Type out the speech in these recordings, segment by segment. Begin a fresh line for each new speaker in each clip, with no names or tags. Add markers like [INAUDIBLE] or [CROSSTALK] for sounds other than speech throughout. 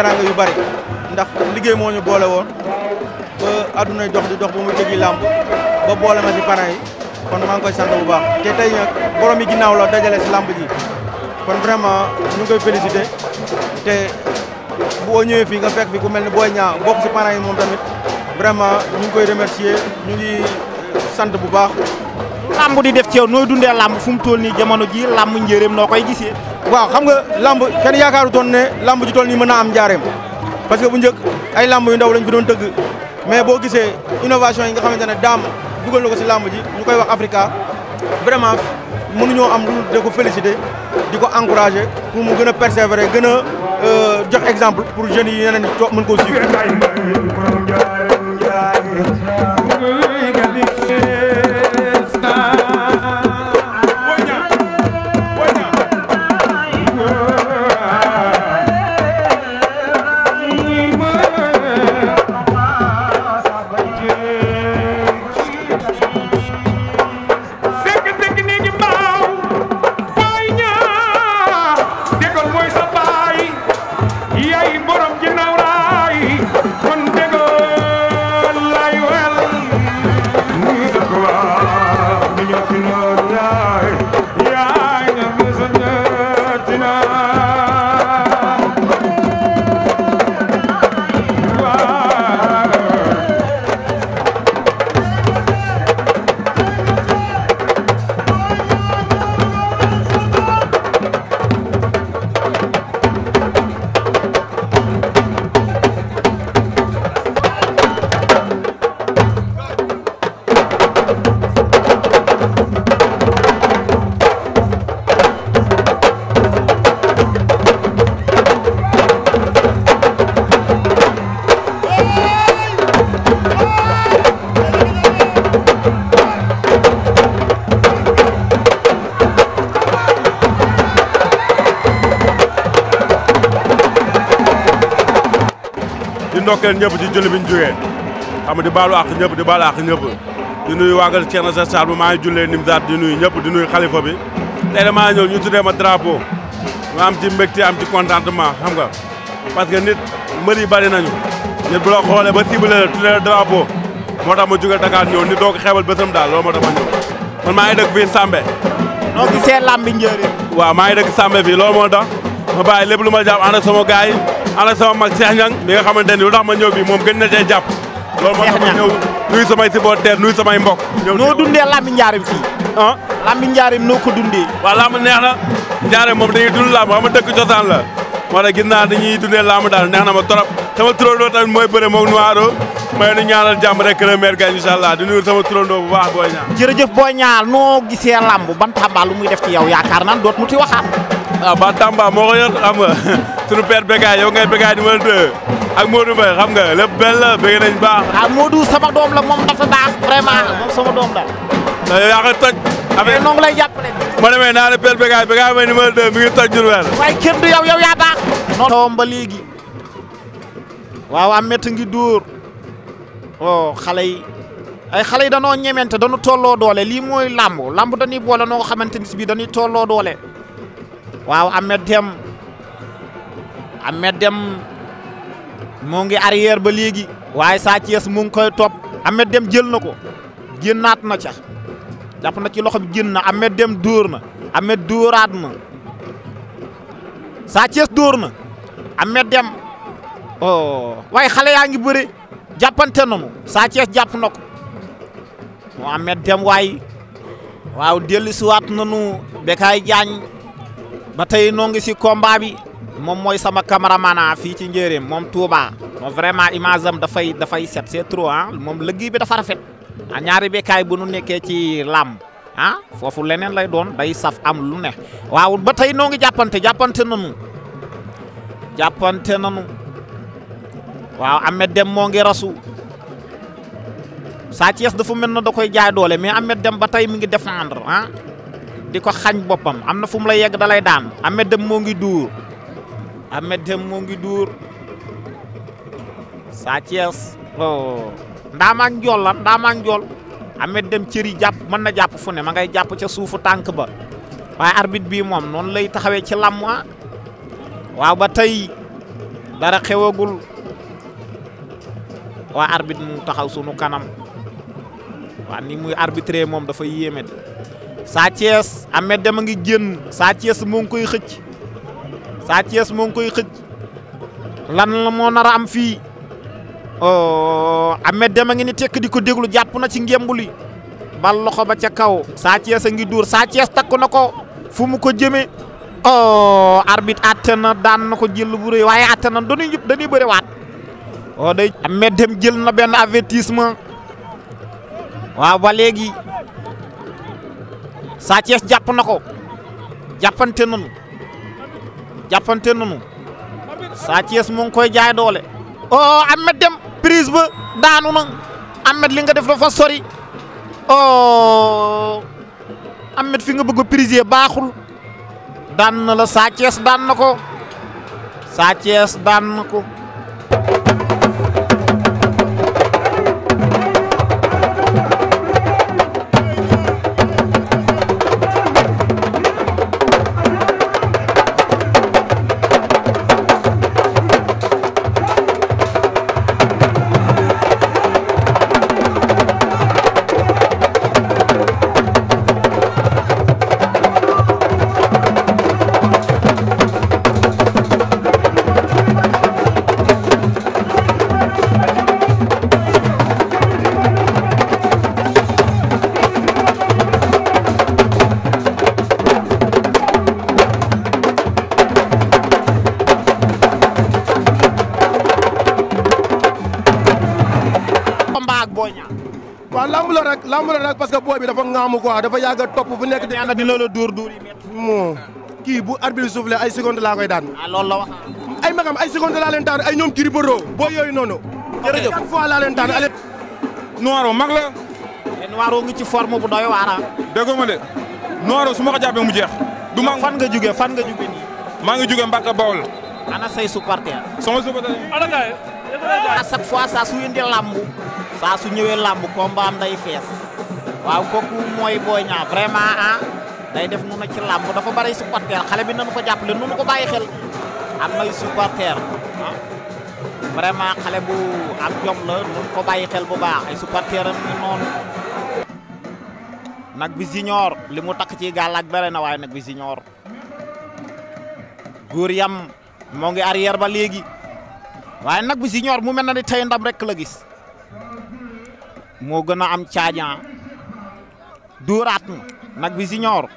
teraanga yu bari ndax liggéey moo ñu boole woon ba addunay dox di dox ba mu jëgi làmb ba boole ma si parents yi kon maa ngi koy sant bu baax te tey nag borom yi ginnaaw la dajale si làmb ji kon vraiment ñu ngi koy félicité te boo ñëwee fii nga fekk fi ku mel ni booy ñaa bokk si parents yi moom tamit vraiment ñu koy remercier ñu ngi sant bu baax. làmb di def ci noo nooy dundee lamb fu mu toll nii jamono ji làmb njëreem noo koy gisee. waaw xam nga lamb kenn yaakaaru toon ne lamb ji toll nii mën naa am njaareem parce que bu njëkk ay lamb yu ndaw lañ fi doon tëgg mais boo gisee innovation yi nga xamante ne daam dugal na ko si lamb ñu koy wax Africa vraiment mënuñoo am lu da ko féliciter di ko encourager pour mu gën a persévérer gën a euh, jox exemple
pour jeunes yi yeneen mën koo
ñëpp ci julli bi ñu di baalu àq ñëpp di baalu àq ñëpp di nuyu waagal Ceerno sa sal bu maa ngi jullee di nuyu ñëpp di nuyu xalifa bi tey damaa ñu tuddee ma drapeau ma am ci mbégte am ci contentement xam nga parce que nit mbër yi bari nañu nit ba ciblé la tuddee la drapeau moo tax ma jóge Dakar ñëw nit doo ko xeebal bësam daal loolu moo tax ma ñëw man maa ngi dëkk fii Sambé
noo gisee lambi njëriñ
waaw maa ngi dëkk Sambé fii loolu moo ma bàyyi lépp ma jàpp ana sama mag Cheikh Niang mi nga xamante ni lu tax ma ñëw bi moom gën na cee jàpp loolu moo tax ma ñëw nuyu samay supporter nuyu samay mbokk
noo dundee lambi njaarim fii lambi njaarim noo ko dundee waaw lamb
neex na njaarim moom dañuy dund lamb xam nga dëkk cosaan la moo tax naa dañuy dundee lamb daal neex na ma trop sama turandoo tamit mooy bëre moom noiro may nu ñaanal jàmm rek le maire gagne incha allah di nuyu sama turandoo bu baax booy ñaar
jërëjëf booy ñaar noo gisee lamb Bantamba lu muy def ci yow yaakaar naan doot mu ti waxaat
waaw ah, Bantamba [LAUGHS] sunu père Bécaye yow ngay Bécaye numéro 2 ak Modou Mbaye xam nga lépp benn la bëgg nañ baax.
ah Modou sama doom la moom dafa baax vraiment ah. moom sama doom la.
te ah, yow yaa ko toj. affaire yi lay jàppale. ma demee naa ne père Bécaye Bécaye may numéro 2 mi ngi toj jur weer.
waaye kenn du yow yow yaa baax. non tawam ba léegi waaw am métti ngi dóor oh xale yi ay xale yi danoo ñemente dañu tolloo doole lii mooy làmb làmb dañuy xamante ni si bii dañuy tolloo doole waaw am na a Deme mu ngi arrière ba léegi waaye Sa Thiès mu ngi koy topp Ahmed dem jël na ko jën naat na ca jàpp na ci loxo bi génn na Ahmed dem dóor na Ahmed dóoraat na Sa dóor na Ahmed Deme oh waaye xale yaa ngi bëri jàppante na mu Sa Thiès jàpp na ko mu Ahmed Deme waay waaw dellu siwaat nanu Bécaye Diagne ba tey noo si combat moom mooy sama cameraman fii ci njéeréem moom Touba moom vraiment image am dafay dafay set c'est trop ah moom liggéey bi dafa rafet ah ñaari békaay bu nu nekkee ci làmb ah foofu leneen lay doon day saf am lu ne waaw ba tey noo ngi jàppante jàppante nanu jàppante nanu waaw Ahmed Dem moo ngi rasu Sa Thiès dafa mel na da koy jaay doole mais Ahmed Dem ba tey mi ngi défendre ah di ko xañ boppam am na fu la yegg dalay lay daan Ahmed Dem moo ngi duur Ahmed Dem moo ngi duur Sa Thiès oh. ndaamaan njool la ndaamaan njool Ahmed Dem cër jàpp mën na jàpp fu ne ma ngay jàpp ca suufu tànk ba waaye arbitre bii moom noonu lay taxawee ci làmm ah. waaw ba tey dara xewagul waa arbit mu taxaw sunu kanam waa ni muy arbitré moom dafa yéeme de Sa Thiès Ahmed ngi génn Sa Thiès moo ngi koy xëcc Sa Thiès moo ngi koy xëj lan la moo nar a am fii oh, Ahmed a ngi ni tekk di ko déglu jàpp na ci ngembuli bal loxo ba ca kaw Sa Thiès a ngi duur Sa Thiès takk na ko fu mu ko jëmee oh arbitre àtte na daan na ko jël bu waaye àtte na dañuy yëpp dañuy bëriwaat oh day Ahmed Deme jël na benn avertissement waaw ba léegi Sa Thiès jàpp na ko jàppante nañu jàppante nanu Sa Thiès ngi koy jaay doole oh Ahmed dem prise ba daanu na Ahmed li nga def dafa sori oh Ahmed fi nga bëgg a priser baaxul daan na la Sa Thiès daan na ko Sa Thiès na ko waa lamb la rek lamb la rek parce que booy bi dafa ŋaamu quoi dafa yàgg a topp fu nekk. dina dina la dóor dóor yi métti. moo kii bu arbitre soufflé ay secondes laa koy daan. ah loolu la wax. ay magam ay secondes laa leen ay ñoom Gris Bordeaux boo yooyu noonu. jërëjëf chaque fois laa leen daan ale. Noiro mag la. te Noiro ngi ci forme bu doy waar ah. de Noiro su ma ko jàppee mu jeex. du mag fan nga fan nga nii. maa ngi jugee Mbacke Bawol. ana say supporter. sama supporter. à chaque fois saa saa su ñëwee làmb combat am day fees waaw kooku mooy Boy Niang vraiment ah day def nu na ci làmb dafa bari supporter xale bi nañu ko jàppale nu ko bàyyi xel am na supporter ah vraiment xale bu am jom la nu ko bàyyi bu baax ay supporter am noonu. nag bi junior li mu takk ci gàllaaj bare na waaye nag bi junior góor yam moo ngi arrière ba léegi waaye nag bi junior mu mel na ni tey ndam rekk la gis. moo gën a am caaja dóoraat na nag bi siñoor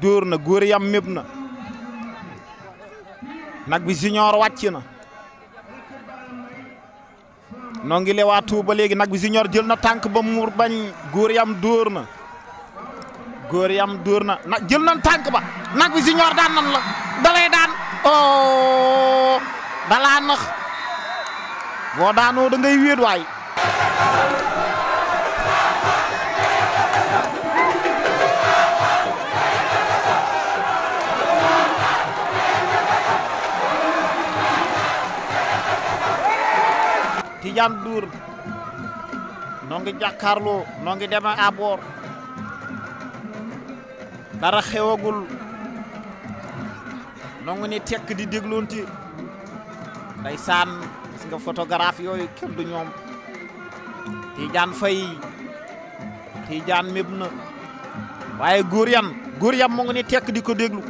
dóor na góor yam méb na nag bi siñoor wàcc na noo ngi lewaatu ba léegi nag bi siñoor jël na tànk ba mu bañ góor yam dóor na góor yam dóor na nag jël nañ tànk ba nag bi siñoor daan nan la dalay daan oo oh, dalaa nax boo daanoo da ngay wéet waay Tidiane Ndour noo ngi jàkkaarloo noo ngi deme aboor dara xewagul noo ngi ni tekk di dégloonti ndeysaan gis nga photographe yooyu kenn du ñoom Tidiane Faye Tidiane méb waaye góor yan góor yam mu ngi ni tekk di ko déglu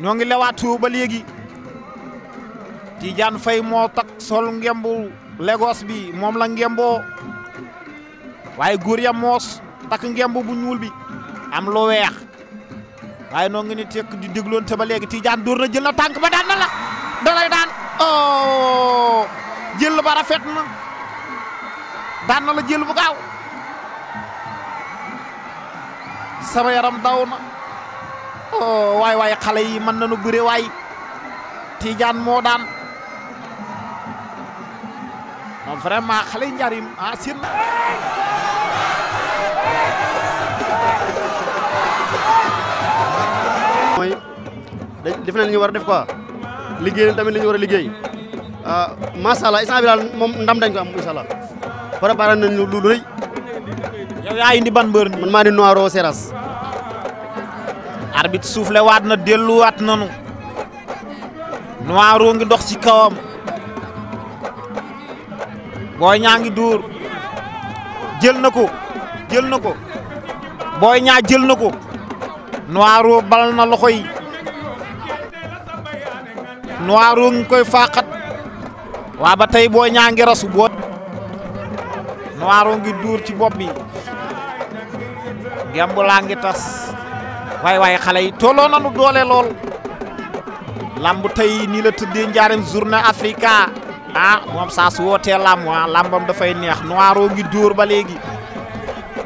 ñoo ngi lewaatoo ba léegi Tidiane Faye moo takk sol ngembu Lagos bi moom la ngemboo waaye góor ya moos takk ngembu bu ñuul bi am lu weex waaye noo ngi ni tekk di dégloon te ba léegi Tidiane dóor na jël na tànk ba daan la dalay daan oh jël ba rafet na daan la jël bu sama yaram daw na oh waay waay xale yi mën nañu bëre waay moo daan vraiment xale njarim a ah, sir na mooy def na li ñu war a def quoi liggéey nañ war a liggéey ah, macha allah instant bi moom ndam dañ ko am incha allah préparé nañ lu lu rëy yaa indi ban mbër man maa di noiro seras arbitre soufflé waat na delluwaat nanu noiro ngi dox ci kawam booy ñaa ngi dóor jël na ko jël na ko booy ñaa jël na ko noiro bal na loxo yi noiro ngi koy faaxat waa ba tey booy ñaa ngi rasu boo noiro ngi dóor ci bopp bi gemb laa ngi tas waay waay xale yi tolloo nanu doole lool lamb tey nii la tëddee njaarem journée africa a ah, moom saa su wootee làmb ah làmbam dafay neex noiro ngi dóor ba léegi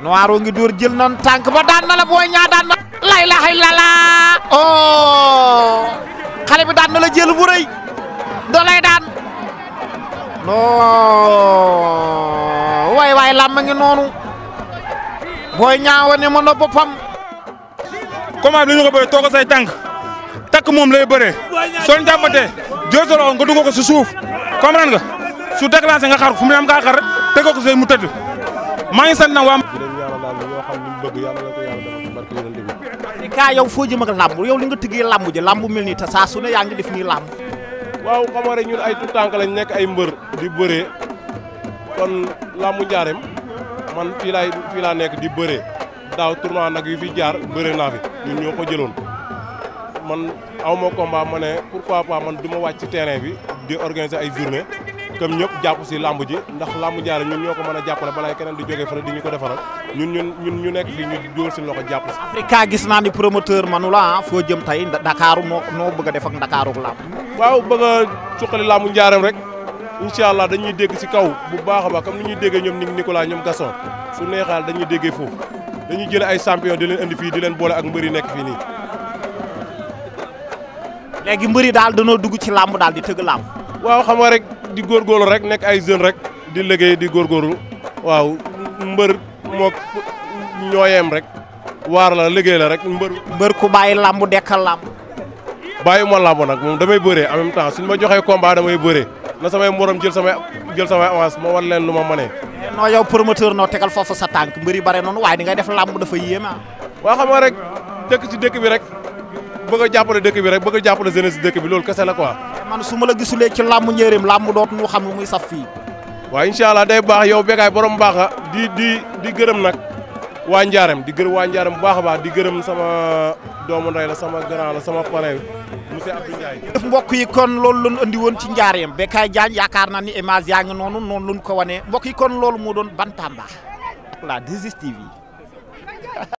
noiro ngi dóor jël nan tànk ba daan na la booy ñaa daan lay la xay lala oh xale bi daan na la jël bu rëy doo lay daan no oh! waay ngi noonu booy ñaawa ne mën na boppam comment lu ñu ko bëre tooga say tànk takk moom lay bëre soo jàppatee jël sa loxo nga dugal
ko si suuf comprendre nga su déclenché nga xar fu mu ne am ngaa xar tegoo ko sooy mu tëdd
maa ngi sant nag waa. di leen ñaanal daal ñoo xam li mu bëgg yàlla na ko yàlla defal barke yonent bi. kaa yow foo jëm ak làmb yow li nga tëggee làmb ji làmb mel nii te saa su ne yaa ngi def nii làmb.
waaw xam nga rek ñun ay tuutànk lañ nekk ay mbër di bëree kon làmbu njaareem man fii laay fii laa nekk di bëree daaw tournoi nag yu fi jaar bëree naa fi ñun ñoo ko jëloon man aw ma combat ma ne pourquoi pas man du ma wàcc terrain bi. di organiser ay journée comme ñëpp jàpp si làmb ji ndax làmb jaare ñun ñoo ko mën a jàppale balaa keneen di
jógee fële di ñu ko defaral ñun ñun ñun ñu nekk fii ñu jóor si loxo jàpp si. Africa gis naa ni promoteur manu la ah foo jëm tey Dakar moo noo bëgg a def ak Dakar ak làmb. waaw bëgg a suqali làmb njaaram rek incha allah dañuy dégg si kaw bu baax a baax ñu ni ñuy déggee ñoom Nicolas ñoom Gasson
su neexaal dañuy déggee foofu dañuy jël ay champion di leen indi fii di leen boole ak mbëri nekk fii nii
léegi mbëri daal danoo dugg ci lamb daal di tëgg làmb
waaw xam nga rek di góorgóorlu rek nekk ay jeune rek di liggéey di góorgóorlu waaw mbër mook ñooyeem rek waar la liggéey la rek mbër mbër ku
bàyyi làmb dekkal làmb
bàyyuma làmb nag moom damay bëree en même temps suñ ma joxee combat damay bëree
na samay morom jël samay jël samay avance ma wan leen lu ma mënee noo yow promoteur noo tegal foofu sa tànk mbëri bare noonu waaye ni ngay def làmb dafa yéeme ah waaw xam nga rek dëkk ci dëkk bi rek bëgg a jàppale dëkk bi rek bëgg a jàppale jeunesse dëkk bi loolu kese la quoi. man su ma la gisulee ci làmb njëriñ làmb doot mu xam lu muy saf fii.
waa incha allah day baax yow Bécaye borom baax a di di di gërëm nag waa Ndiarème di gërëm waa Ndiarème bu baax a baax di gërëm sama
doomu ndey la sama grand la sama parrain monsieur Abdou Ndiaye. def mbokk yi kon loolu lañ andi woon ci Ndiarème Bécaye Diagne yaakaar naa ni image yaa ngi noonu noonu luñ ko wane bokk yi kon loolu moo doon Bantamba la 2STV